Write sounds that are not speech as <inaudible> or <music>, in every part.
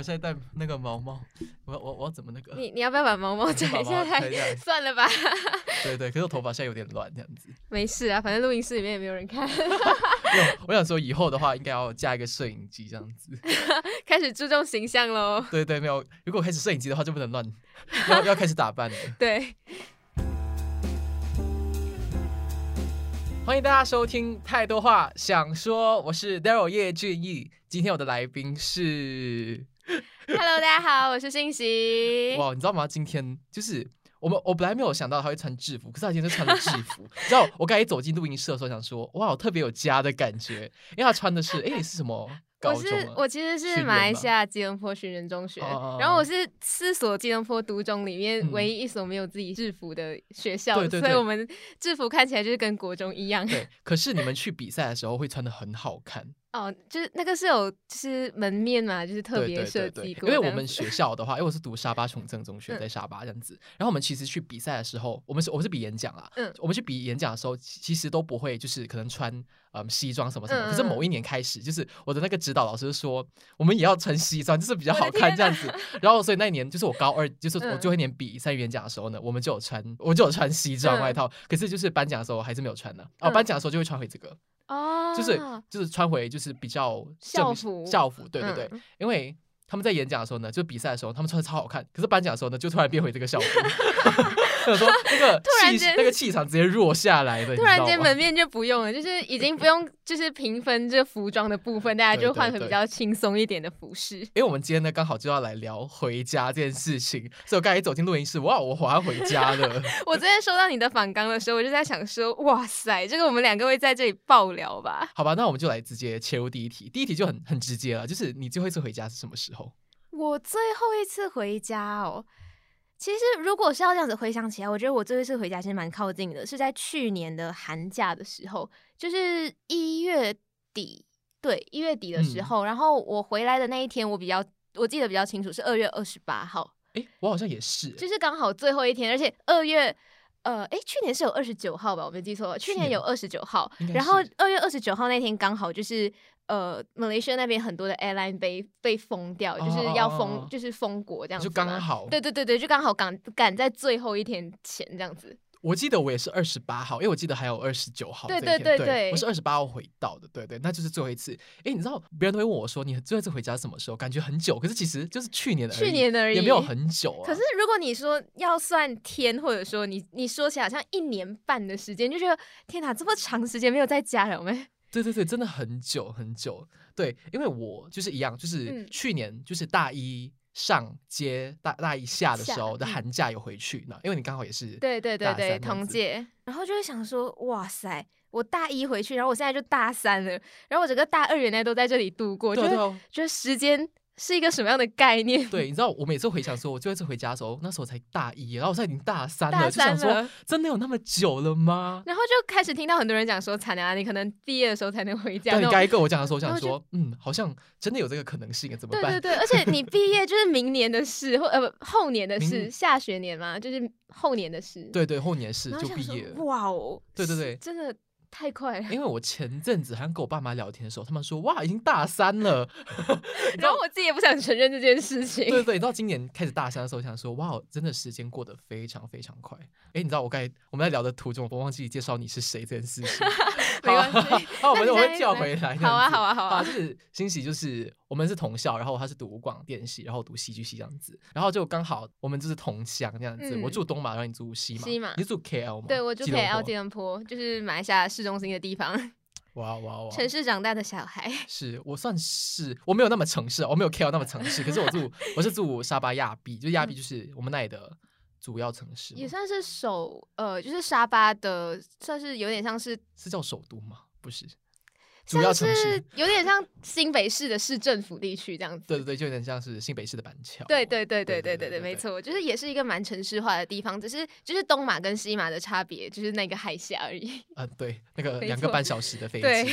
我現在戴那個毛毛，我我我要怎麼那個？你你要不要把毛毛摘一下來？太？算了吧。對，對對，可是我頭髮現在有點亂，這樣子。沒事啊，反正錄音室裡面也沒有人看。 <laughs> 我想說，以後的話應該要加一個攝影機，這樣子。 <laughs> 開始注重形象嘍。對，對對，沒有。如果開始攝影機的話，就不能亂， <laughs> 要要開始打扮了。對。歡迎大家收聽，太多話想說，我是 Daryl 葉俊毅，今天我的來賓是。Hello，大家好，我是欣怡。哇，你知道嗎？今天就是我們，我本來沒有想到他會穿制服，可是他今天就穿的制服。 <laughs> 你知道，我剛才一走進錄音室的時候，想說，哇，特別有家的感覺，因為他穿的是，哎、 <laughs> 欸，是什麼？我是我其實是馬來西亞吉隆坡循人中學，然後我是四所吉隆坡獨中裡面唯一一所沒有自己制服的學校的，嗯、對對對，所以我們制服看起來就是跟國中一樣。對，可是你們去比賽的時候會穿得很好看 <laughs> 哦，就是那個是有就是門面嘛，就是特別設計過，對對對對對，因為我們學校的話， <laughs> 因為我是讀沙巴崇正中學，在沙巴這樣子，然後我們其實去比賽的時候，我們是我們是比演講啊，嗯、我們去比演講的時候，其實都不會就是可能穿嗯、呃、西裝什麼什麼，嗯、可是某一年開始就是我的那個職。指導老師說：“我們也要穿西裝，就是比較好看這樣子。”然後，所以那一年就是我高二，就是我最後一年比賽演講的時候呢，我們就有穿，我就有穿西裝外套。可是，就是頒獎的時候還是沒有穿的。哦，頒獎的時候就會穿回這個哦，就是就是穿回就是比較正，校服校服，對對對。因為他們在演講的時候呢，就比賽的時候他們穿的超好看，可是頒獎的時候呢，就突然變回這個校服。突然間那個氣場直接弱下來了，突然間門面就不用了， <laughs> 就是已經不用就是平分這服裝的部分，大家就換個比較輕鬆一點的服飾。對對對，因為我們今天呢剛好就要來聊回家這件事情， <laughs> 所以我剛才一走進錄音室，哇，我好像回家了。 <laughs> 我昨天收到你的訪綱的時候，我就在想說，哇塞，這個我們兩個會在這裡爆聊吧？好吧，那我們就來直接切入第一題，第一題就很很直接了，就是你最後一次回家是什麼時候？我最後一次回家哦。其實，如果是要這樣子回想起來，我覺得我這一次回家其實蠻靠近的，是在去年的寒假的時候，就是一月底，對一月底的時候，嗯、然後我回來的那一天，我比較我記得比較清楚，是二月二十八號。哎，我好像也是，就是剛好最後一天，而且二月，呃，哎，去年是有二十九號吧？我沒記錯了，是的，去年有二十九號，然後二月二十九號那天剛好就是。呃，馬來西亞那邊很多的 airline 被被封掉，就是要封，oh, 就是封國這樣子。就剛好。對對對對，就剛好趕趕在最後一天前這樣子。我記得我也是二十八號，因為我記得還有二十九號。對對對對，對我是二十八號回到的，對，對對，那就是最後一次。誒、欸，你知道別人都會問我說，你最後一次回家什麼時候？感覺很久，可是其實就是去年的，去年而已，也沒有很久，啊。可是如果你說要算天，或者說你你說起來好像一年半的時間，就覺得天哪，這麼長時間沒有在家了，沒？對對對，真的很久很久。對，因為我就是一樣，就是去年就是大一上接，嗯、大大一下的時候的寒假有回去呢。嗯、因為你剛好也是對對對對，同屆。然後就會想說，哇塞，我大一回去，然後我現在就大三了，然後我整個大二原來都在這裡度過，對對哦、就是、就是、時間。是一個什麼樣的概念？對，你知道我每次回想說，我最後一次回家的時候，那時候才大一，然後我現在已經大三了，就想說，真的有那麼久了嗎？然後就開始聽到很多人講說，慘啊，你可能畢業的時候才能回家。那你剛跟我講的時候，我想說，嗯，好像真的有這個可能性，怎麼辦？對對對，而且你畢業就是明年的事，或呃不後年的事，下學年嘛，就是後年的事。對對，後年事就畢業了。哇哦！對對對，真的。太快了，因為我前陣子還跟我爸媽聊天的時候，他們說，哇，已經大三了，然後我自己也不想承認這件事情。對對對，你知道今年開始大三的時候，我想說，哇，真的時間過得非常非常快。哎，你知道我剛才，我們在聊的途中，我忘記介紹你是誰這件事情。沒關係，啊，我們我會叫回來。好啊，好啊，好啊。就是欣喜，就是我們是同校，然後他是讀廣電系，然後讀戲劇系這樣子，然後就剛好我們就是同鄉這樣子。我住東馬，然後你住西馬，你住 KL 嗎？對，我住 KL 吉隆坡，就是馬來西亞市中心的地方，哇哇哇！城市長大的小孩，是我算是我沒有那麼城市，我沒有 KL 那麼城市。 <laughs> 可是我住，我是住沙巴亞庇，就亞庇就是我們那裡的主要城市嘛。嗯，也算是首呃，就是沙巴的，算是有點像是，是叫首都嗎？不是。主要城市是有點像新北市的市政府地區這樣子，對對對，就有點像是新北市的板橋。對對對對對對對,對，沒錯，就是也是一個蠻城市化的地方，只是就是東馬跟西馬的差別，就是那個海峽而已。啊、嗯、對，那個兩個半小時的飛機。對、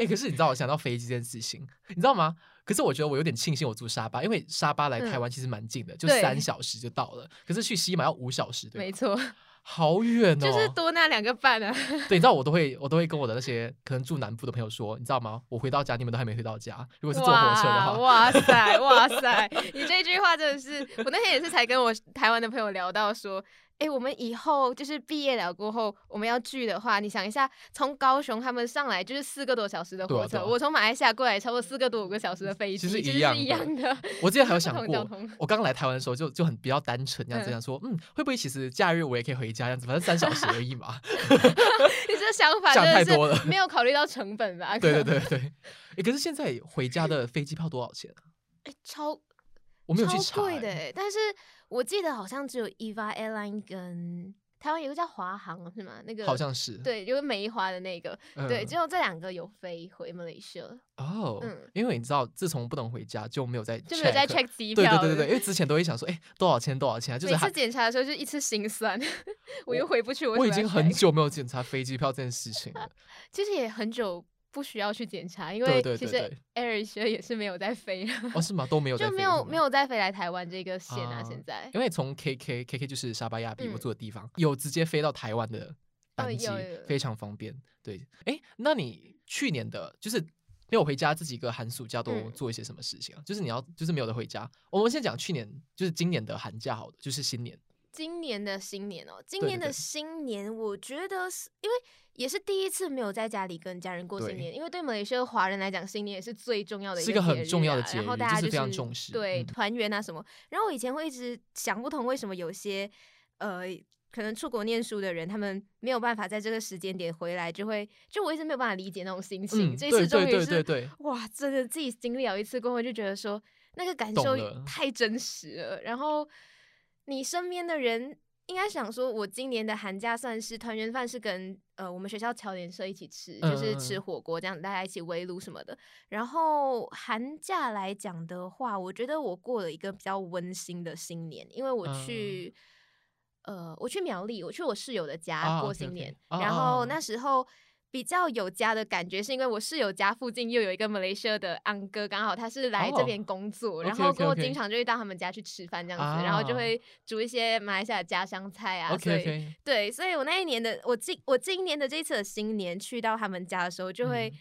欸。可是你知道我想到飛機這件事情， <laughs> 你知道嗎？可是我覺得我有點慶幸我住沙巴，因為沙巴來台灣其實蠻近的，嗯、就三小時就到了。對可是去西馬要五小時，對沒錯。好遠哦，就是多那兩個半啊。對，你知道我都會，我都會跟我的那些可能住南部的朋友說，你知道嗎？我回到家，你們都還沒回到家。如果是坐火車的話，哇塞，哇塞，你這句話真的是，我那天也是才跟我台灣的朋友聊到說。哎、欸，我們以後就是畢業了過後，我們要聚的話，你想一下，從高雄他們上來就是四個多小時的火車，對啊對啊，我從馬來西亞過來，差不多四個多五個小時的飛機，其實一樣的。樣的，我之前還有想過， <laughs> 我剛來台灣的時候就就很比較單純，這樣子，嗯，這樣說，嗯，會不會其實假日我也可以回家，這樣子反正三小時而已嘛。 <laughs> <laughs> 你這想法真的是沒有考慮到成本吧？ <laughs> 對對對對，對，欸。可是現在回家的飛機票多少錢？哎，啊欸，超。我沒有去查、欸。超貴的、欸，但是我記得好像只有 EVA Airline 跟台灣有個叫華航是嗎？那個好像是，對，有個梅花的那個，嗯、對，只有這兩個有飛回馬來西亞。哦，嗯、因為你知道，自從不能回家，就沒有在就沒有在 check 機票，對，對對對對，因為之前都會想說，哎、欸，多少錢多少錢、啊、就是每次檢查的時候就一次心酸，我， <laughs> 我又回不去。我已經很久沒有檢查飛機票這件事情了， <laughs> 其實也很久。不需要去檢查，因為其實 AirAsia 也是沒有在飛了。哦，是嗎？都沒有就沒有沒有再飛來台灣這個線啊，啊現在。因為從 KK KK 就是沙巴亞庇我住的地方，嗯、有直接飛到台灣的班機，對，有有有，非常方便。對，哎，那你去年的，就是沒有回家這幾個寒暑假都做一些什麼事情啊？嗯、就是你要，就是沒有得回家。我們先講去年，就是今年的寒假，好的，就是新年。今年的新年哦，今年的新年，我覺得是對對對，因為也是第一次沒有在家裡跟家人過新年，對因為對我們有些華人來講，新年也是最重要的一個、啊、一個很重要的，然後大家就是，這是非常重視，對、嗯、團圓啊什麼。然後我以前會一直想不通為什麼有些呃可能出國念書的人，他們沒有辦法在這個時間點回來，就會就我一直沒有辦法理解那種心情。嗯、這一次終於是對、對、對、對、對、對哇，真的自己經歷了一次過後，我就覺得說那個感受太真實了，了然後。你身邊的人應該想說，我今年的寒假算是團圓飯，是跟呃我們學校僑聯社一起吃，呃、就是吃火鍋這樣，大家一起圍爐什麼的。然後寒假來講的話，我覺得我過了一個比較溫馨的新年，因為我去呃、呃我去苗栗，我去我室友的家過新年，啊 okay, okay. Oh, 然後那時候。比較有家的感覺，是因為我室友家附近又有一個馬來西亞的安哥，剛好他是來這邊工作，oh, okay, okay, okay. 然後過後經常就會到他們家去吃飯這樣子，ah, 然後就會煮一些馬來西亞的家鄉菜啊。對 okay, okay. 對，所以我那一年的我今我今年的這次的新年去到他們家的時候，就會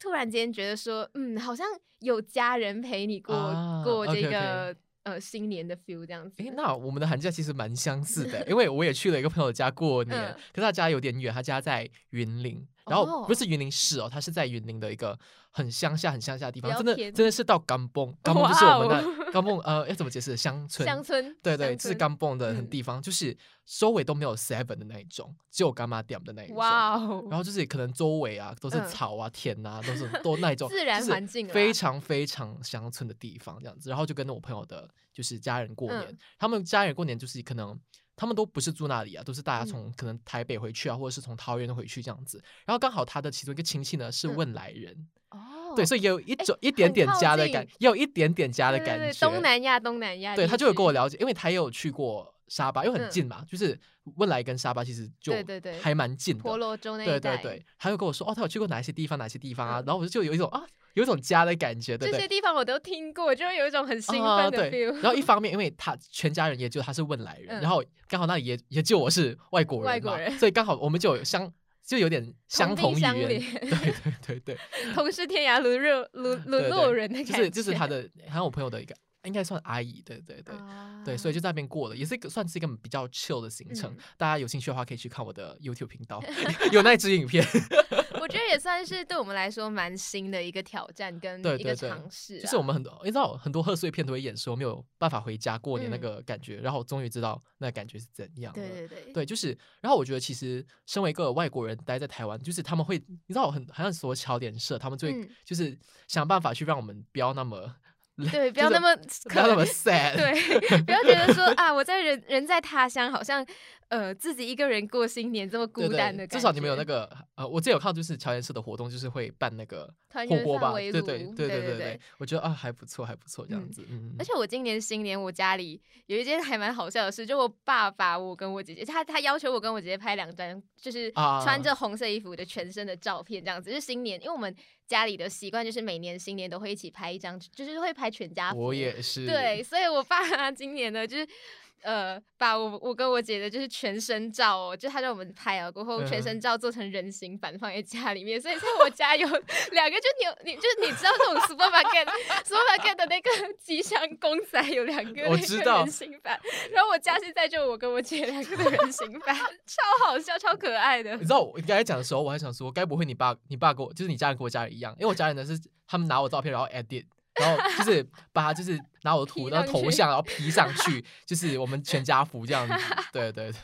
突然間覺得說，嗯,嗯，好像有家人陪你過、ah, 過這個。Okay, okay. 呃，新年的 feel 這樣子。誒，那我們的寒假其實蠻相似的， <laughs> 因為我也去了一個朋友的家過年，嗯、可是他家有點遠，他家在雲林。然後不是雲林市哦，哦它是在雲林的一個很鄉下、很鄉下的地方，真的真的是到甘榜，甘榜就是我們的、哦、甘榜，呃，要怎麼解釋？鄉村，鄉村，對對，村就是甘榜的地方，嗯、就是周圍都沒有 seven 的那一種，只有柑仔店的那一種。哇哦！然後就是可能周圍啊都是草啊、嗯、田啊，都是都那一種自然環境，非常非常鄉村的地方這樣子。然後就跟着我朋友的就是家人過年，嗯、他們家人過年就是可能。他們都不是住那裡啊，都是大家從可能台北回去啊，嗯、或者是從桃園回去這樣子。然後剛好他的其中一個親戚呢是汶萊人，哦、嗯，oh, 對，所以有一種誒一點點家的感，也有一點點家的感覺對對對。東南亞，東南亞，對他就有跟我了解，因為他也有去過。沙巴又很近嘛，就是汶萊跟沙巴其實就對對對，還蠻近的。婆羅洲那一帶。對對對，他又跟我說哦，他有去過哪些地方，哪些地方啊？然後我就有一種啊，有一種家的感覺，對不對？這些地方我都聽過，就有一種很興奮的 feel。然後一方面，因為他全家人也就他是汶萊人，然後剛好那也也就我是外國人，外國人，所以剛好我們就相就有點相同語言，對對對對，同是天涯淪落淪落人的感覺，就是就是他的，還有我朋友的一個。應該算阿姨，對對對,對，uh, 對，所以就在那邊過了，也是一個算是一個比較 chill 的行程。嗯、大家有興趣的話，可以去看我的 YouTube 頻道， <laughs> 有那支影片。 <laughs> 我覺得也算是對我們來說蠻新的一個挑戰跟一個嘗試。啊、就是我們很多，你知道，很多賀歲片都會演說，沒有辦法回家過年那個感覺，嗯、然後終於知道那感覺是怎樣。對對對，就是。然後我覺得，其實身為一個外國人待在台灣，就是他們會，你知道，我很好像說巧點事，他們就會,、嗯、就是想辦法去讓我們不要那麼。 <music> 對，不要那麼，不要那麼 sad。對，不要覺得說啊，我在人，人在他鄉，好像。呃，自己一個人過新年這麼孤單的對對，至少你們有那個呃，我最近有看就是喬遷式的活動，就是會辦那個團圓飯圍爐，對，對對對對對對，對對對對，我覺得啊還不錯，還不錯這樣子。嗯嗯、而且我今年新年我家裡有一件還蠻好笑的事，就我爸爸我跟我姐姐，他他要求我跟我姐姐拍兩張，就是穿着紅色衣服的全身的照片這樣子。啊、是新年，因為我們家裡的習慣就是每年新年都會一起拍一張，就是會拍全家福。我也是。對，所以我爸今年呢就是。呃，把我我跟我姐的就是全身照哦，就他叫我們拍了過後，全身照做成人形版放在家裡面，所以在我家有兩個， <laughs> 就你有你就你知道這種 supermarket <laughs> supermarket 的那個吉祥公仔有兩個，個，我知道人形版，然後我家現在就我跟我姐兩個的人形版， <laughs> 超好笑，超可愛的。你知道我剛才講的時候，我還想說，該不會你爸你爸跟我就是你家人跟我家人一樣，因為我家人呢是他們拿我照片然後 edit。 <laughs> 然後就是把它，就是拿我的圖，然後頭像，然後 P 上去，就是我們全家福這樣子。對對對。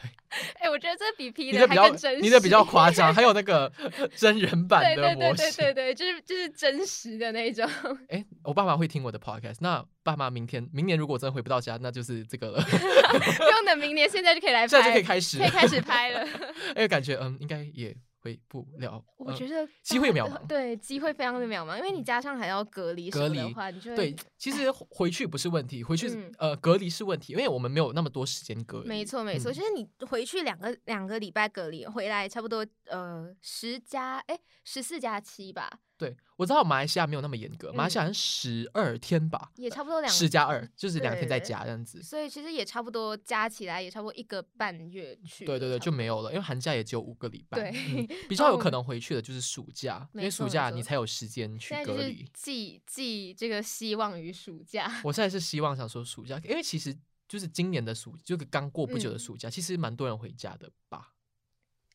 哎，我覺得這比 P 的還更真實 <laughs> 你。你的比較誇張，還有那個真人版的模式。 <laughs> 對對對，對，對，對就是就是真實的那種。哎、欸，我爸媽會聽我的 Podcast。那爸媽明天、明年如果真的回不到家，那就是這個了。不 <laughs> <laughs> 用等明年，現在就可以來拍，現在就可以開始， <laughs> 可以開始拍了。哎， <laughs> 感覺嗯，應該也。回不了，我覺得呃、機會渺茫、呃。對，機會非常的渺茫，因為你加上還要隔離，隔離的話你就對。唉其實回去不是問題，回去、嗯、呃隔離是問題，因為我們沒有那麼多時間隔離。沒錯，沒錯，嗯、就是你回去兩個兩個禮拜隔離回來，差不多呃十加哎十四加七吧。對，我知道我馬來西亞沒有那麼嚴格，馬來西亞好像十二天吧、嗯，也差不多兩十加二，2, 就是兩天再加這樣子，所以其實也差不多加起來也差不多一個半月去。對對對，就沒有了，因為寒假也只有五個禮拜，對嗯、比較有可能回去的就是暑假，哦、因為暑假你才有時間去隔離。寄寄這個希望於暑假。我現在是希望想說暑假，因為其實就是今年的暑，就是剛過不久的暑假，嗯、其實蠻多人回家的吧。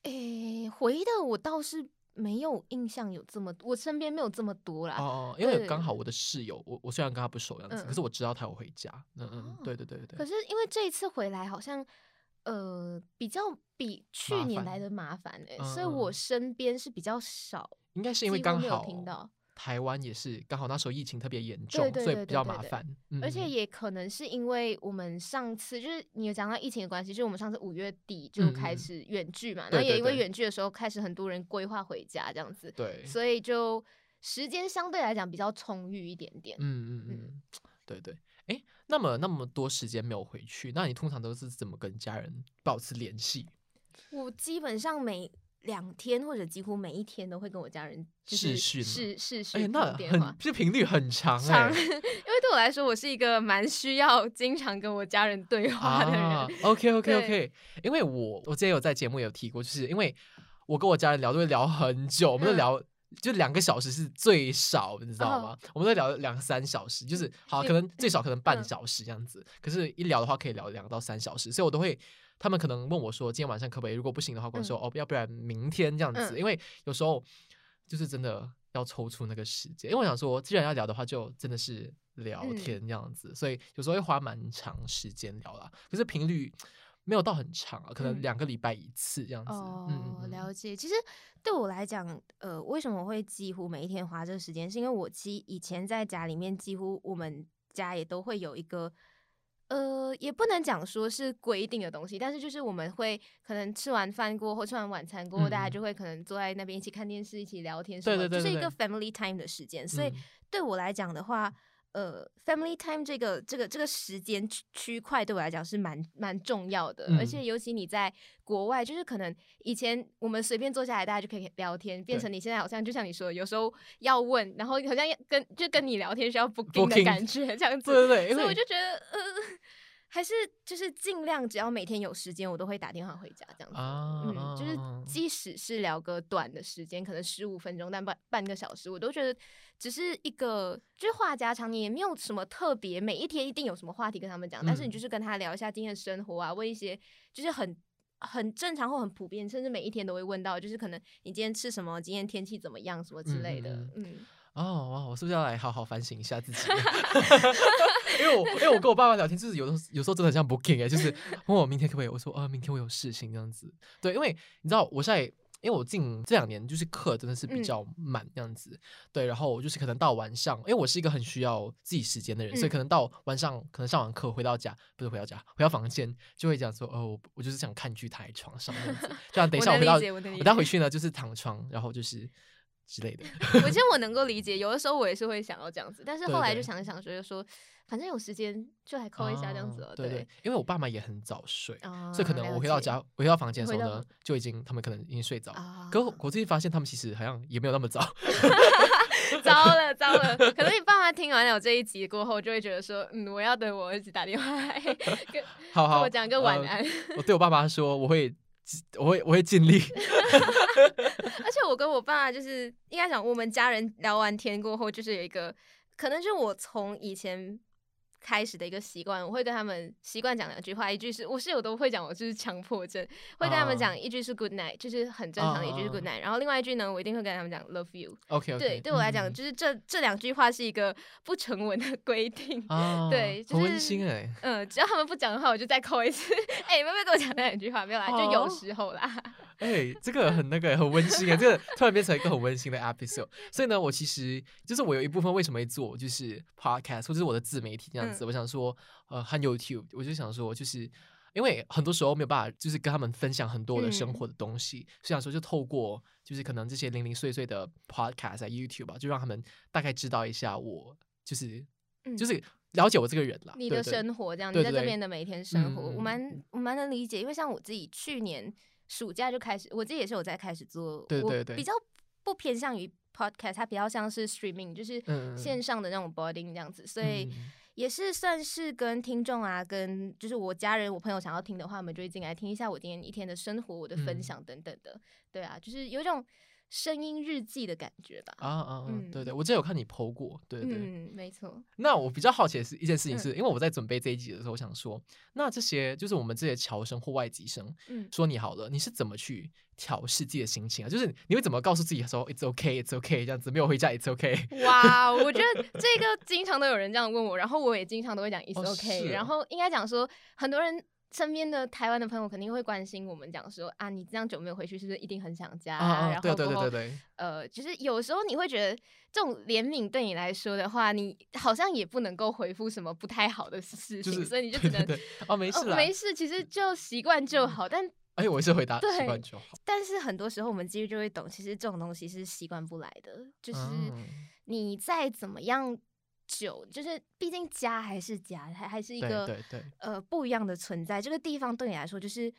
誒、哎，回的我倒是。沒有印象有這麼，我身邊沒有這麼多啦。哦哦，因為剛好我的室友，對我我雖然跟她不熟樣子，嗯、可是我知道他有回家。嗯嗯，哦、對對對對。可是因為這一次回來好像，呃，比較比去年來的麻煩、欸、麻煩。所以我身邊是比較少。嗯嗯，應該是因為剛好。台灣也是，剛好那時候疫情特別嚴重，所以比較麻煩。嗯、而且也可能是因為我們上次就是你有講到疫情的關係，就是我們上次五月底就開始遠距嘛，那、嗯、也因為遠距的時候開始很多人規劃回家這樣子，對,對,對，所以就時間相對來講比較充裕一點點。嗯嗯嗯，嗯對,對對。誒、欸，那麼那麼多時間沒有回去，那你通常都是怎麼跟家人保持聯繫？我基本上沒。兩天或者幾乎每一天都會跟我家人就是視是是是是。哎誒那很其實頻率很長哎、欸，因為對我來說，我是一個蠻需要經常跟我家人對話的人。啊、對 OK OK OK，因為我我之前有在節目有提過，就是因為我跟我家人聊都會聊很久，我們都聊。嗯就兩個小時是最少，你知道嗎？Oh. 我們在聊兩三小時，就是好，可能最少可能半小時這樣子。嗯、可是，一聊的話可以聊兩到三小時，所以我都會，他們可能問我說，今天晚上可不可以？如果不行的話，我說哦，要不然明天這樣子，嗯、因為有時候就是真的要抽出那個時間。因為我想說，既然要聊的話，就真的是聊天這樣子，嗯、所以有時候會花蠻長時間聊了。可是頻率。沒有到很長啊，可能兩個禮拜一次這樣子。嗯嗯、哦，了解。其實對我來講，呃，為什麼我會幾乎每一天花這個時間，是因為我其實以前在家裡面，幾乎我們家也都會有一個，呃，也不能講說是規定的東西，但是就是我們會可能吃完飯過後，吃完晚餐過後，嗯、大家就會可能坐在那邊一起看電視，一起聊天什麼，對對對對對，就是一個 family time 的時間。所以對我來講的話，嗯呃，family time 這個這個這個時間區塊對我來講是蠻蠻重要的，嗯、而且尤其你在國外，就是可能以前我們隨便坐下來，大家就可以聊天，變成你現在好像就像你說，有時候要問，對然後好像要跟就跟你聊天需要 booking 的感覺 Booking 這樣子，對對，所以我就覺得對對呃。還是就是盡量，只要每天有時間，我都會打電話回家這樣子。嗯，就是即使是聊個短的時間，可能十五分鐘，但半半個小時，我都覺得只是一個就是話家常，你也沒有什麼特別，每一天一定有什麼話題跟他們講，但是你就是跟他聊一下今天的生活啊，問一些就是很很正常或很普遍，甚至每一天都會問到，就是可能你今天吃什麼，今天天氣怎麼樣什麼之類的。嗯。哦，哇！我是不是要來好好反省一下自己？因為我因為我跟我爸爸聊天，就是有的有時候真的很像 Booking 哎、欸，就是問我、哦、明天可不可以？我說啊、哦，明天我有事情這樣子。對，因為你知道我現在，因為我近這兩年就是課真的是比較滿、嗯、這樣子。對，然後我就是可能到晚上，因為我是一個很需要自己時間的人，嗯、所以可能到晚上，可能上完課回到家，不是回到家，回到房間就會講說哦，我就是想看劇台，躺在床上這樣。等一下，我回到我再回去呢，就是躺床，然後就是。之類的，我覺得我能夠理解，有的時候我也是會想要這樣子，但是後來就想一想，覺得說，反正有時間就來摳一下這樣子了、啊。對、哦、對、對、對，因為我爸媽也很早睡，哦、所以可能我回到家，哦、回到房間的時候呢，到就已經他們可能已經睡着。哦、可我自己發現他們其實好像也沒有那麼早。 <laughs> <laughs> 糟了糟了！可能你爸媽聽完了我這一集過後，就會覺得說，嗯，我要等我兒子打電話來，跟、好好跟我講個晚安、呃。我對我爸媽說，我會。我會，我會盡力 <laughs> 。 <laughs> 而且我跟我爸就是，應該講我們家人聊完天過後，就是有一個，可能是我從以前，開始的一個習慣，我會跟他們習慣講兩句話，一句是我室友都會講，我就是強迫症，uh, 會跟他們講一句是 good night，就是很正常的一句是 good night，uh, uh. 然後另外一句呢，我一定會跟他們講 love you。Okay, okay, 對，對我來講，嗯、就是這這兩句話是一個不成文的規定，uh, 對，就是溫馨哎、欸，嗯、呃，只要他們不講的話，我就再 call 一次。哎、 <laughs> 欸，有沒有跟我講那兩句話？沒有啦，uh. 就有時候啦。哎、欸，這個很那個很溫馨啊！這個突然變成一個很溫馨的 episode， <laughs> 所以呢，我其實就是我有一部分為什麼會做，就是 podcast 或者是我的自媒體這樣子。嗯、我想說，呃，和 YouTube，我就想說，就是因為很多時候沒有辦法，就是跟他們分享很多我的生活的東西，就、嗯、想說就透過，就是可能這些零零碎碎的 podcast YouTube 啊，就讓他們大概知道一下我，就是，嗯、就是了解我這個人啦。你的生活這樣，對對對，你在這邊的每一天生活，對對對，嗯、我蠻我蠻能理解，因為像我自己去年。暑假就開始，我自己也是有在開始做。對對對，我比較不偏向於 podcast，它比較像是 streaming，就是線上的那種 boarding 這樣子，所以也是算是跟聽眾啊，跟就是我家人、我朋友想要聽的話，我們就一起來聽一下我今天一天的生活、我的分享等等的。嗯、對啊，就是有一種。聲音日記的感覺吧。啊啊啊！對對，嗯、我之前有看你 Po 過。對對，嗯、沒錯。那我比較好奇的是一件事情是，是、嗯、因為我在準備這一集的時候，我想說，那這些就是我們這些僑生或外籍生，嗯、說你好了，你是怎麼去調試自己的心情啊？就是你會怎麼告訴自己說 it's okay, it's okay，這樣子沒有回家 it's okay。哇，我覺得這個經常都有人這樣問我， <laughs> 然後我也經常都會講 it's okay，、哦啊、然後應該講說很多人。身邊的台灣的朋友肯定會關心我們，講說啊，你這樣久沒有回去，是不是一定很想家、啊？啊啊然後，過後，呃，其、就、實、是、有時候你會覺得這種憐憫對你來說的話，你好像也不能夠回覆什麼不太好的事情，就是、所以你就只能對對對哦，沒事、哦，沒事，其實就習慣就好。嗯、但哎、欸，我是回答對習慣就好。但是很多時候我們其實就會懂，其實這種東西是習慣不來的，就是你再怎麼樣。久就是，畢竟家還是家，還還是一個對對對，呃，不一樣的存在。這個地方對你來說，就是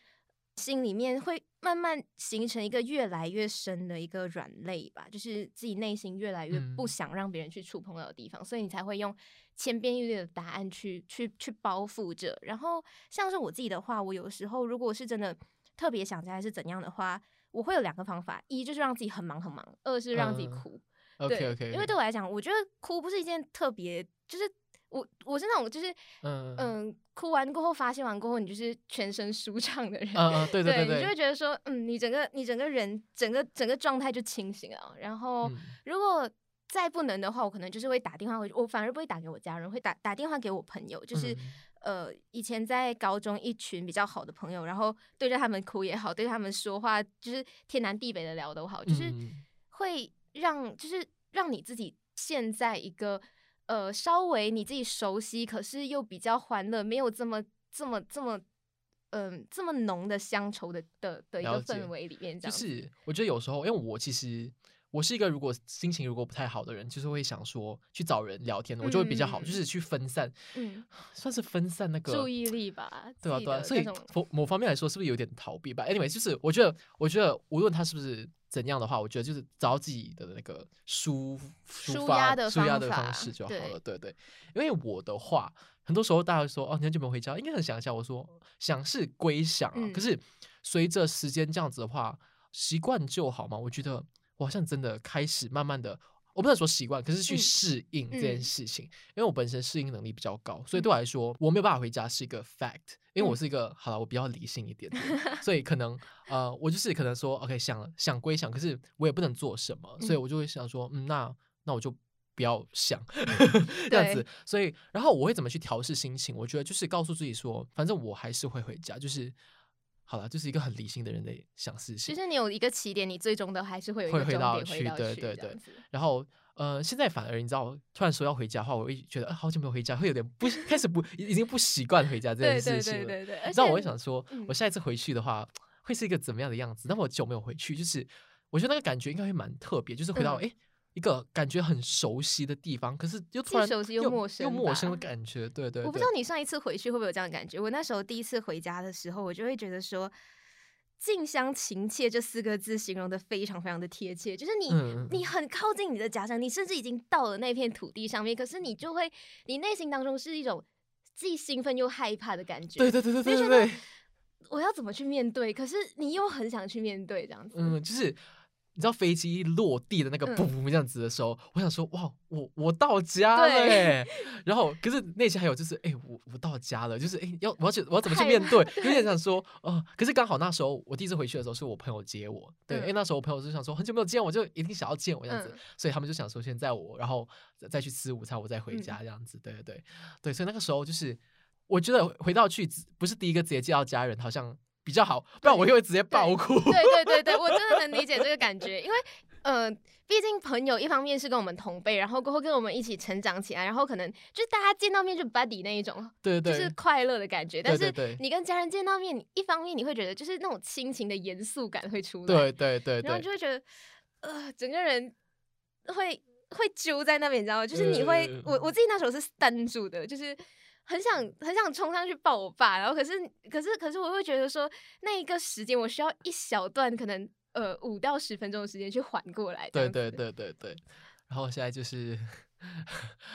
心裡面會慢慢形成一個越來越深的一個軟肋吧，就是自己內心越來越不想讓別人去觸碰到的地方，嗯、所以你才會用千篇一律的答案去去去包覆着。然後像是我自己的話，我有時候如果是真的特別想家還是怎樣的話，我會有兩個方法：一就是讓自己很忙很忙，二是讓自己哭。嗯 Okay, okay. 對，因為對我來講，我覺得哭不是一件特別，就是我我是那種就是嗯、uh, 呃、哭完過後，發洩完過後，你就是全身舒暢的人。Uh, uh, 對對對，對，對，你就會覺得說，嗯，你整個你整個人整個整個狀態就清醒了。然後、嗯、如果再不能的話，我可能就是會打電話回去，我反而不會打給我家人，會打打電話給我朋友，就是、嗯、呃，以前在高中一群比較好的朋友，然後對着他們哭也好，對他們說話，就是天南地北的聊都好，就是會。嗯讓就是讓你自己陷在一個呃稍微你自己熟悉，可是又比較歡樂，沒有這麼這麼這麼嗯、呃、這麼濃的鄉愁的的的一個氛圍裡面，解就是我覺得有時候，因為我其實我是一個如果心情如果不太好的人，就是會想說去找人聊天，我就會比較好，嗯、就是去分散，嗯，算是分散那個注意力吧，對啊對啊，所以種某方面來說是不是有點逃避吧？Anyway，就是我覺得我覺得無論他是不是。怎樣的話，我覺得就是找自己的那個抒抒發抒壓，壓的方式就好了，對，對對。因為我的話，很多時候大家說哦，你很久沒回家，應該很想一下，我說想是歸想啊，嗯、可是隨着時間這樣子的話，習慣就好嘛。我覺得我好像真的開始慢慢的。我不能說習慣，可是去適應這件事情，嗯嗯、因為我本身適應能力比較高，嗯、所以對我來說，我沒有辦法回家是一個 fact、嗯。因為我是一個，好了，我比較理性一點，嗯、所以可能呃，我就是可能說，OK，想想歸想，可是我也不能做什麼，所以我就會想說，嗯，那那我就不要想、嗯、對 這樣子。所以，然後我會怎麼去調適心情？我覺得就是告訴自己說，反正我還是會回家，就是。好了，就是一個很理性的人的想事情。其實你有一個起點，你最終的還是會有一個終點回會回到去，對對對。對對對，然後呃，現在反而你知道，突然說要回家的話，我會覺得，啊，好久沒有回家，會有點不開始不 <laughs> 已經不習慣回家這件事情了。你知道，然後我會想說，我下一次回去的話，嗯，會是一個怎麼樣的樣子？那麼久沒有回去，就是我覺得那個感覺應該會蠻特別，就是回到哎。嗯一個感覺很熟悉的地方，可是又突然又熟悉又陌生又陌生的感覺，對對，對。我不知道你上一次回去會不會有這樣的感覺。我那時候第一次回家的時候，我就會覺得說“近鄉情怯”這四個字形容的非常非常的貼切。就是你、嗯、你很靠近你的家鄉，你甚至已經到了那片土地上面，可是你就會你內心當中是一種既興奮又害怕的感覺。對對，對對對對對，就覺得我要怎麼去面對？可是你又很想去面對這樣子。嗯，就是。你知道飛機落地的那個“嘣”這樣子的時候，嗯、我想說哇，我我到家了，欸。對然後，可是那些還有就是，哎、欸，我我到家了，就是哎、欸、要我要去我要怎麼去面對？有點想說啊、呃。可是剛好那時候我第一次回去的時候是我朋友接我，對，因為、嗯欸、那時候我朋友就想說很久沒有見，我就一定想要見我這樣子，嗯、所以他們就想說先載我然後再去吃午餐，我再回家這樣子，對對對對，所以那個時候就是我覺得回到去不是第一個直接見到家人，好像。比較好，不然我就會直接爆哭對。對對對對，我真的能理解這個感覺， <laughs> 因為，嗯、呃，畢竟朋友一方面是跟我們同輩，然後過後跟我們一起成長起來，然後可能就是大家見到面就 buddy 那一種，對對對，就是快樂的感覺。但是你跟家人見到面，一方面你會覺得就是那種親情的嚴肅感會出來，對，對對對，然後就會覺得，呃，整個人會會揪在那邊，你知道嗎？就是你會，對對對對，我我自己那時候是 stand 住的，就是。很想很想衝上去抱我爸，然後可是可是可是我會覺得說，那一個時間我需要一小段可能呃，五到十分鐘的時間去緩過來。對對對對對。然後現在就是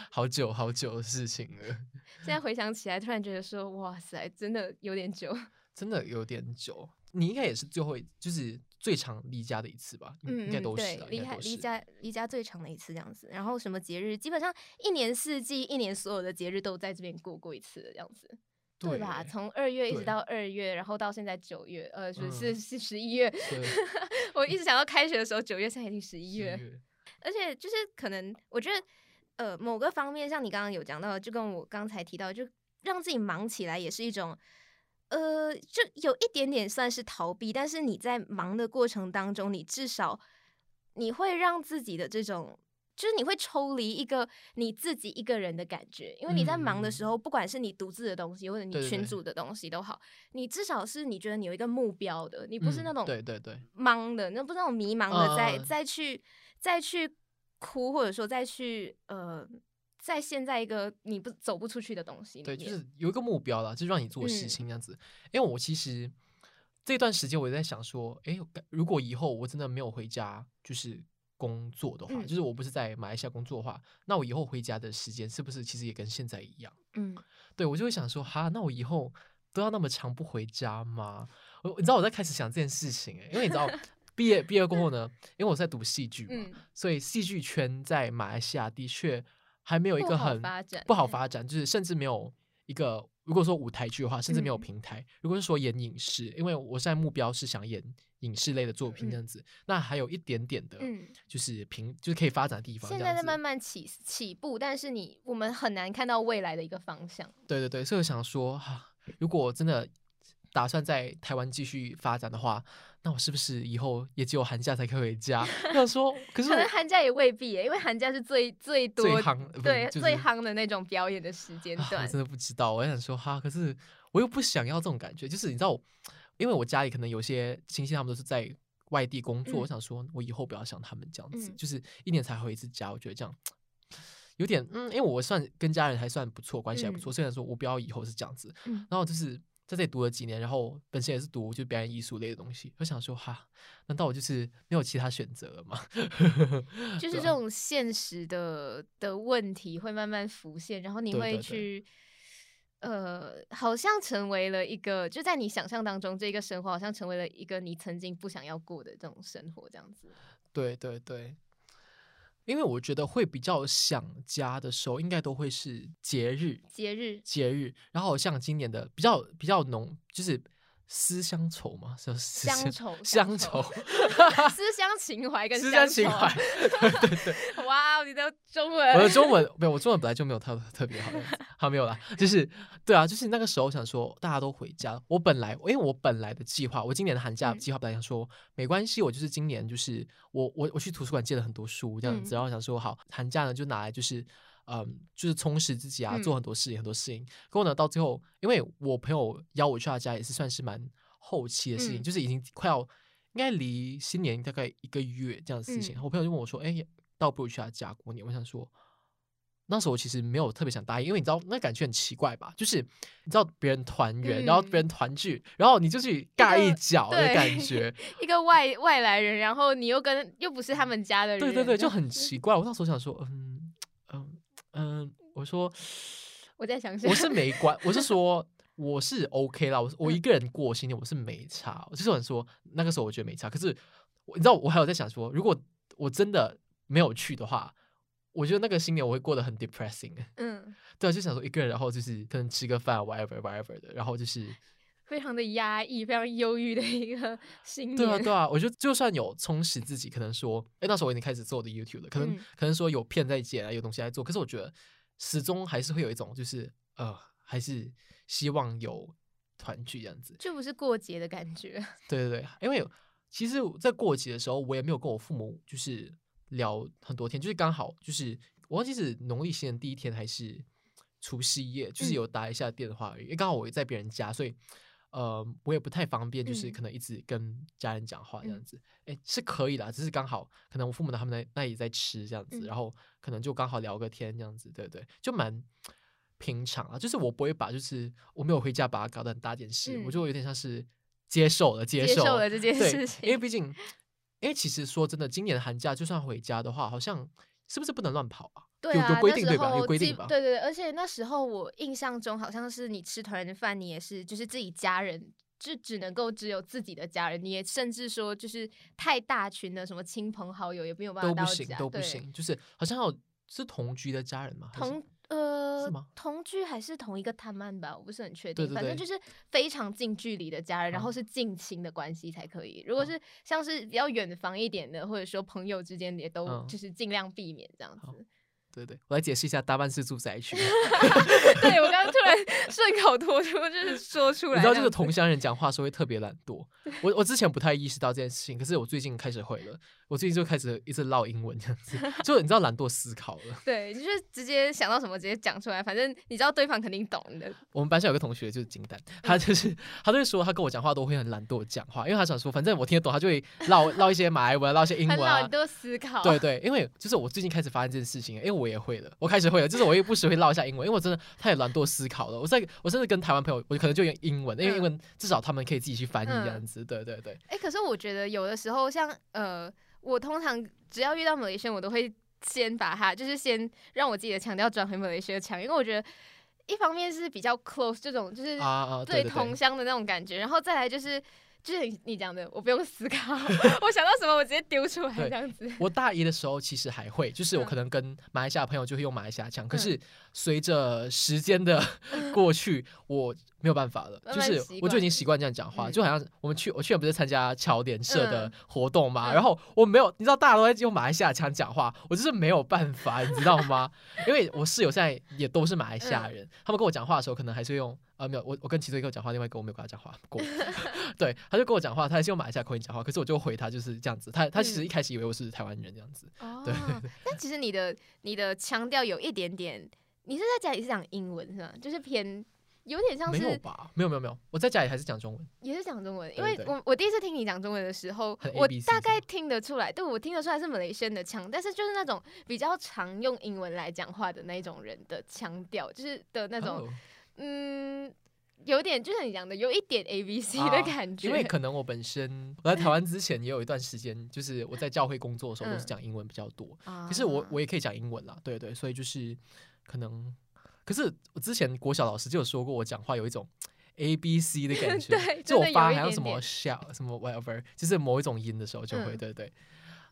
好久好久的事情了。現在回想起來，突然覺得說，哇塞，真的有點久，真的有點久。你應該也是最後一，就是最長離家的一次吧？該，嗯，應該都是離家離家最長的一次這樣子。然後什麼節日，基本上一年四季，一年所有的節日都在這邊過過一次的這樣子，對，對吧？從二月一直到二月，對然後到現在九月，呃，是、嗯、是十一月。對 <laughs> 我一直想到開學的時候，九月現在已經十一月，月而且就是可能我覺得，呃，某個方面像你剛剛有講到，就跟我剛才提到，就讓自己忙起來也是一種。呃，就有一點點算是逃避，但是你在忙的過程當中，你至少你會讓自己的這種，就是你會抽離一個你自己一個人的感覺，因為你在忙的時候，嗯、不管是你獨自的東西，或者你群組的東西都好，對對對，你至少是你覺得你有一個目標的，你不是那種、嗯、對對對忙的，那不是那種迷茫的，呃、再再去再去哭，或者說再去呃。在現在一個你不走不出去的東西裡面，對，就是有一個目標了，就是讓你做事情這樣子。嗯、因為我其實這段時間，我也在想說，誒、欸，如果以後我真的沒有回家，就是工作的話，嗯、就是我不是在馬來西亞工作的話，那我以後回家的時間是不是其實也跟現在一樣？嗯，對我就會想說，哈，那我以後都要那麼長不回家嗎？你知道我在開始想這件事情，欸，誒，因為你知道畢業畢 <laughs> 業過後呢，因為我在讀戲劇嘛，嗯、所以戲劇圈在馬來西亞的確。還沒有一個很不好發展，發展就是甚至沒有一個，如果說舞台劇的話，甚至沒有平台。嗯、如果是說演影視，因為我現在目標是想演影視類的作品這樣子，嗯、那還有一點點的，就是平、嗯、就是可以發展的地方。現在在慢慢起起步，但是你我們很難看到未來的一個方向。對對對，所以我想說哈、啊，如果真的打算在台灣繼續發展的話，那我是不是以後也只有寒假才可以回家？ <laughs> 我想說，可是可能寒假也未必耶，因為寒假是最最多最夯對、就是、最夯的那種表演的時間段、啊。我真的不知道，我想說哈，可是我又不想要這種感覺，就是你知道，因為我家裡可能有些親戚，他們都是在外地工作。嗯、我想說，我以後不要像他們這樣子，嗯、就是一年才回一次家。我覺得這樣有點嗯，因為我算跟家人還算不錯，關係還不錯。嗯、雖然說我不要以後是這樣子，嗯、然後就是。在這裡讀了幾年，然後本身也是讀就表演藝術類的東西，我想說哈，難道我就是沒有其他選擇了嗎？ <laughs> 就是這種現實的的問題會慢慢浮現，然後你會去，對對對，呃，好像成為了一個就在你想象當中這個生活，好像成為了一個你曾經不想要過的這種生活，這樣子。對對對。因為我覺得會比較想家的時候，應該都會是節日，節日，節日。然後像今年的比較比較濃，就是。思鄉愁嗎？是鄉愁，鄉愁，思鄉情懷跟鄉愁。情懷 <laughs> 對對對，哇、wow，你的中文，我的中文沒有，我中文本來就沒有特特別好， <laughs> 好，好沒有啦，就是，對啊，就是那個時候我想說，大家都回家。我本來，因為我本來的計劃，我今年的寒假計劃本來想說，沒關係，我就是今年就是我我我去圖書館借了很多書這樣子，然後、嗯、想說好，寒假呢就拿來就是。嗯，就是充實自己啊，嗯、做很多事情，很多事情。然後呢，到最後，因為我朋友邀我去他家，也是算是蠻後期的事情，嗯、就是已經快要應該離新年大概一個月這樣的事情。嗯、然後我朋友就問我說：“哎、欸，倒不如去他家過年。”我想說，那時候我其實沒有特別想答應，因為你知道那感覺很奇怪吧？就是你知道別人團圓，嗯、然後別人團聚，然後你就去尬一腳的感覺，一個，一個外外來人，然後你又跟又不是他們家的人，對對對，就很奇怪。我那時候想說，嗯。嗯，我說我在想,想，我是沒關，我是說我是 OK 啦，我 <laughs> 我一個人過新年，我是沒差。嗯、就是想說那個時候我覺得沒差，可是你知道我還有在想說，如果我真的沒有去的話，我覺得那個新年我會過得很 depressing。嗯，對啊，就想說一個人，然後就是可能吃個飯，whatever，whatever whatever 的，然後就是。非常的壓抑，非常憂鬱的一個心情。對啊，對啊，我覺得就算有充實自己，可能說，哎，那時候我已經開始做我的 YouTube 了，可能可能說有片在剪啊，有東西在做。可是我覺得始終還是會有一種，就是呃，還是希望有團聚這樣子。就不是過節的感覺。對對對，因為其實，在過節的時候，我也沒有跟我父母就是聊很多天，就是剛好就是我忘記是農曆新年第一天還是除夕夜，就是有打一下電話而已。嗯。因為剛好我在別人家，所以。呃，我也不太方便，就是可能一直跟家人講話這樣子，哎、嗯，是可以啦，只是剛好可能我父母他們那那也在吃這樣子，嗯、然後可能就剛好聊個天這樣子，對不對？就蠻平常啊，就是我不會把就是我沒有回家把它搞得很大件事，嗯、我就有點像是接受了接受了，接受了這件事情，對，因為畢竟，因為其實說真的，今年寒假就算回家的話，好像是不是不能亂跑啊？對啊，那時候，對，對對對，而且那時候我印象中好像是你吃團圓飯，你也是就是自己家人，就只能夠只有自己的家人，你也甚至說就是太大群的什麼親朋好友也沒有辦法到家，都不行。都不行對就是好像有是同居的家人嘛？同呃，嗎同居還是同一個他們吧？我不是很確定。對對對，反正就是非常近距離的家人，嗯、然後是近親的關係才可以。如果是像是比較遠房一點的，嗯、或者說朋友之間，也都就是儘量避免這樣子。嗯嗯。對對，我來解釋一下，大半是住宅區。 <laughs> <laughs> 對，我剛剛突然順口脫出，就是說出來。 <laughs> 你知道，就是同鄉人講話說會特別懶惰。我我之前不太意識到這件事情，可是我最近開始會了。我最近就開始一直嘮英文這樣子，就你知道懶惰思考了。 <laughs> 對，你就是、直接想到什麼直接講出來，反正你知道對方肯定懂的。我們班上有個同學就是金蛋，他就是他就是說他跟我講話都會很懶惰講話，因為他想說反正我聽得懂，他就會嘮嘮一些馬來文，啊，嘮一些英文，啊。多思考。對對，因為就是我最近開始發現這件事情，因為我。我也會的，我開始會了，就是我也不時會嘮一下英文，因為我真的太懶惰思考了。我在我甚至跟台灣朋友，我可能就用英文，因為英文至少他們可以自己去翻譯這樣子。嗯嗯、對對對。誒、欸，可是我覺得有的時候像，像呃，我通常只要遇到馬來西亞，我都會先把它，就是先讓我自己的腔調轉回馬來西亞腔，因為我覺得一方面是比較 close 這種，就是對同鄉的那種感覺，啊啊，對對對，然後再來就是。就是你講的，我不用思考， <laughs> 我想到什麼我直接丟出來這樣子。我大一的時候其實還會，就是我可能跟馬來西亞朋友就會用馬來西亞腔，嗯、可是隨着時間的過去，嗯、我沒有辦法了，慢慢就是我就已經習慣這樣講話，嗯、就好像我們去我去年不是參加僑聯社的活動嘛，嗯、然後我沒有，你知道大家都在用馬來西亞腔講話，我就是沒有辦法，你知道嗎？ <laughs> 因為我室友現在也都是馬來西亞人，嗯、他們跟我講話的時候可能還是用。啊、沒有我，我跟其中一個講話，另外一個我沒有跟他講話過， <laughs> 對，他就跟我講話，他還是用馬來西亞口音講話，可是我就回他就是這樣子。他他其實一開始以為我是台灣人這樣子。嗯、哦。對，對，對。但其實你的你的腔調有一點點，你是在家裡是講英文是嗎？就是偏有點像是沒有吧？沒有沒有沒有，我在家裡還是講中文，也是講中文。因為我對對對，我第一次聽你講中文的時候，我大概聽得出來，對我聽得出來是 Malaysian 的腔，但是就是那種比較常用英文來講話的那種人的腔調，就是的那種。哦嗯，有點就像你講的，有一點 A B C 的感覺、啊。因為可能我本身我在台灣之前也有一段時間， <laughs> 就是我在教會工作的時候都是講英文比較多。嗯、可是我我也可以講英文啦，對，對對，所以就是可能，可是我之前國小老師就有說過，我講話有一種 A B C 的感覺，對就我發還有什麼 sh all, 點點什麼 whatever，就是某一種音的時候就會，嗯、對，對對。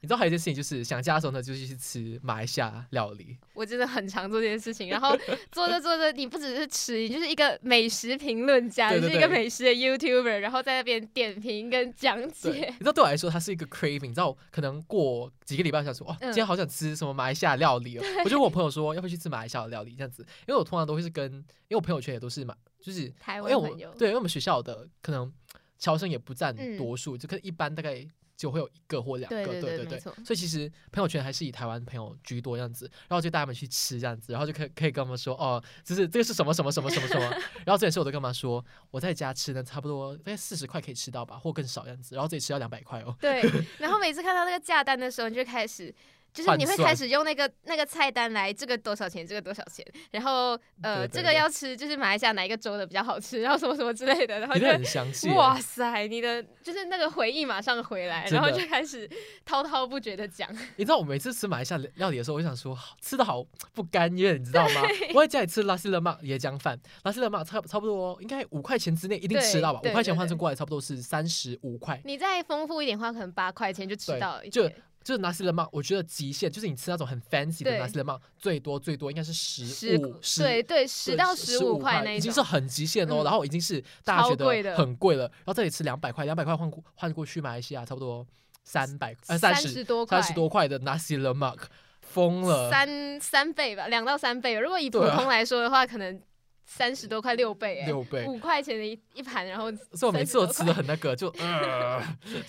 你知道還有一件事情，就是想家的時候呢，就是、去吃馬來西亞料理。我真的很常做這件事情，然後做着做着，你不只是吃， <laughs> 你就是一個美食評論家，就是一個美食的 YouTuber，然後在那邊點評跟講解。你知道對我來說，它是一個 craving。你知道，可能過幾個禮拜，想說，哇，今天好想吃什麼馬來西亞料理哦。嗯、我就跟我朋友說，要不去吃馬來西亞的料理？這樣子，對因為我通常都會是跟，因為我朋友圈也都是嘛，就是台灣朋友，對，因為我們學校的可能僑生也不占多數，嗯、就可能一般大概。就會有一個或兩個，對對對，所以其實朋友圈還是以台灣朋友居多這樣子。然後就帶他們去吃這樣子，然後就可以可以跟我們說，哦，這是這個是什麼什麼什麼什麼什麼。 <laughs> 然後這也是我都幹嘛說，我在家吃呢，差不多在四十塊可以吃到吧，或更少樣子。然後自己吃到兩百塊哦。對， <laughs> 然後每次看到那個價單的時候，你就開始。就是你會開始用那個那個菜單來這個多少錢，這個多少錢，然後呃，對對對對這個要吃就是馬來西亞哪一個州的比較好吃，然後什麼什麼之類的，然後就很相信。哇塞，你的就是那個回憶馬上回來，真的 然後就開始滔滔不絕的講。你知道我每次吃馬來西亞料理的時候，我想說好吃的好不甘願，你知道嗎？對 我在家裡吃拉斯勒馬椰漿飯，拉斯勒馬差差不多哦，應該五塊錢之內一定吃到吧？五塊錢換成過來差不多是三十五塊。對對對對你再豐富一點的話，可能八塊錢就吃到就。就是拿西勒瑪，我覺得極限就是你吃那種很 fancy 的拿西勒瑪，最多最多應該是十五十，對對，十到十五塊那一種已經是很極限咯，然後已經是大家覺得很貴了，然後這裡吃兩百塊，兩百塊換換過去馬來西亞差不多三百三十多三十多塊的拿西勒瑪，瘋了，三三倍吧，兩到三倍。如果以普通來說的話，可能。三十多塊六倍哎，五塊錢的一一盤，然後所以我每次我吃的很那個，就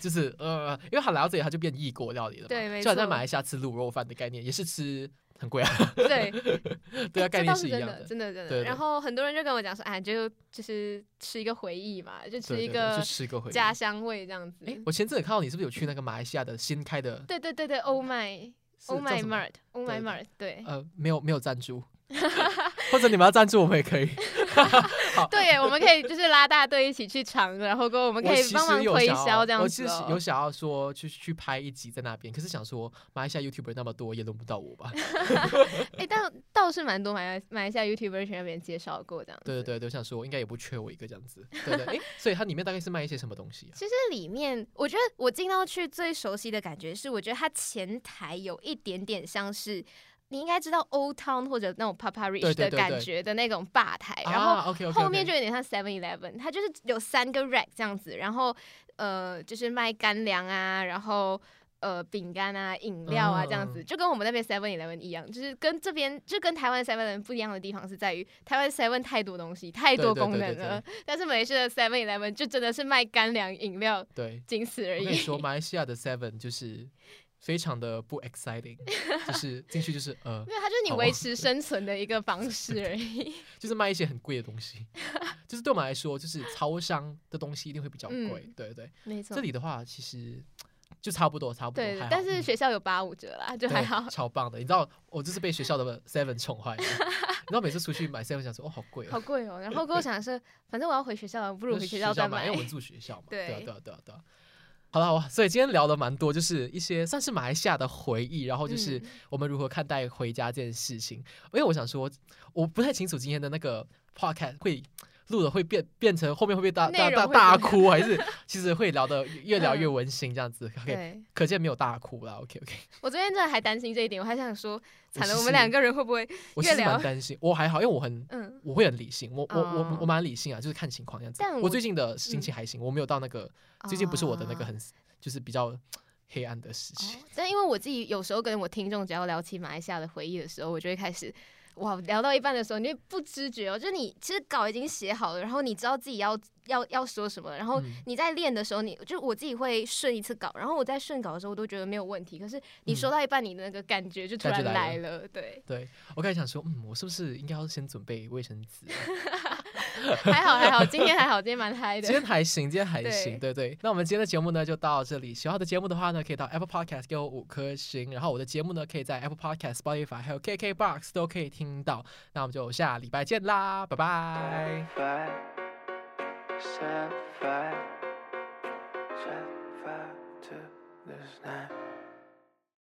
就是呃，因為他來到這裡，它就變異國料理了。對，沒錯。就好像在馬來西亞吃滷肉飯的概念，也是吃很貴啊。對，對啊，概念是一樣的，真的真的。然後很多人就跟我講說，哎，就就是吃一個回憶嘛，就吃一個家鄉味這樣子。我前陣子看到你是不是有去那個馬來西亞的新開的？對對對對，Oh my Oh my Mart Oh my Mart 對。呃，沒有沒有贊助。 <laughs> 或者你們要贊助我們也可以，好，對，我們可以就是拉大隊一起去嘗，然後跟我們可以幫忙推銷這樣子，喔我。我其實有想要說去去拍一集在那邊，可是想說馬來西亞 YouTuber 那麼多，也輪不到我吧。哎， <laughs> <laughs> 欸，但倒是蠻多馬來馬來西亞 YouTuber 去那邊介紹過這樣子。對對對，都想說應該也不缺我一個這樣子。對對、對，哎，欸，所以它裡面大概是賣一些什麼東西？啊？其實 <laughs> 裡面我覺得我進到去最熟悉的感覺是，我覺得它前台有一點點像是。你應該知道 Old Town 或者那種 Papa Rich 的感覺的那種吧檯，對對對對，然後後面就有點像 Seven Eleven，它就是有三個 rack 這樣子，然後呃就是賣乾糧啊，然後呃餅乾啊、飲料啊這樣子，嗯、就跟我們那邊 Seven Eleven 一樣，就是跟這邊就跟台灣 Seven Eleven 不一樣的地方是在於，台灣 Seven 太多東西，太多功能了，但是馬來西亞的 Seven Eleven 就真的是賣乾糧、飲料，對，僅此而已。所以說馬來西亞的 Seven 就是。非常的不 exciting，就是進去就是呃，因為它就是你維持生存的一個方式而已。就是賣一些很貴的東西，就是對我們來說，就是超商的東西一定會比較貴，對對，沒錯。這裡的話其實就差不多，差不多，對。但是學校有八五折啦，就還好。超棒的，你知道我就是被學校的 Seven 寵壞了，然後每次出去買 Seven，想說哦好貴，好貴哦。然後跟我想的是，反正我要回學校了，不如回學校買，因為我們住學校嘛。對啊對啊對啊對啊。好了好了，所以今天聊的蠻多，就是一些算是馬來西亞的回憶，然後就是我們如何看待回家這件事情。嗯、因為我想說，我不太清楚今天的那個 podcast 會。度的會變變成後面會不會大大大大哭，還是其實會聊得越聊越溫馨這樣子？OK，、嗯、可見沒有大哭啦。OK OK，我昨天真的還擔心這一點，我還想說，慘了，我們兩個人會不會越聊我是，我是蠻擔心？我還好，因為我很、嗯、我會很理性，我、哦、我我我蠻理性啊，就是看情況這樣子。但我，我最近的心情還行，嗯、我沒有到那個最近不是我的那個很、哦、就是比較黑暗的時期、哦。但因為我自己有時候跟我聽眾只要聊起馬來西亞的回憶的時候，我就會開始。哇，聊到一半的時候，你就不知覺哦、喔，就是你其實稿已經寫好了，然後你知道自己要要要說什麼，然後你在練的時候你，你就我自己會順一次稿，然後我在順稿的時候我都覺得沒有問題，可是你說到一半，你的那個感覺就突然來了，嗯、來了對。對，我剛才想說，嗯，我是不是應該要先準備衛生紙？ <laughs> <laughs> 還好還好，今天還好，今天蠻嗨的。今天還行，今天還行，對，對對。那我們今天的節目呢，就到這裡。喜歡的節目的話呢，可以到 Apple Podcast 給我五顆星。然後我的節目呢，可以在 Apple Podcast、Spotify、還有 KK Box 都可以聽到。那我們就下禮拜見啦，拜拜。 <music>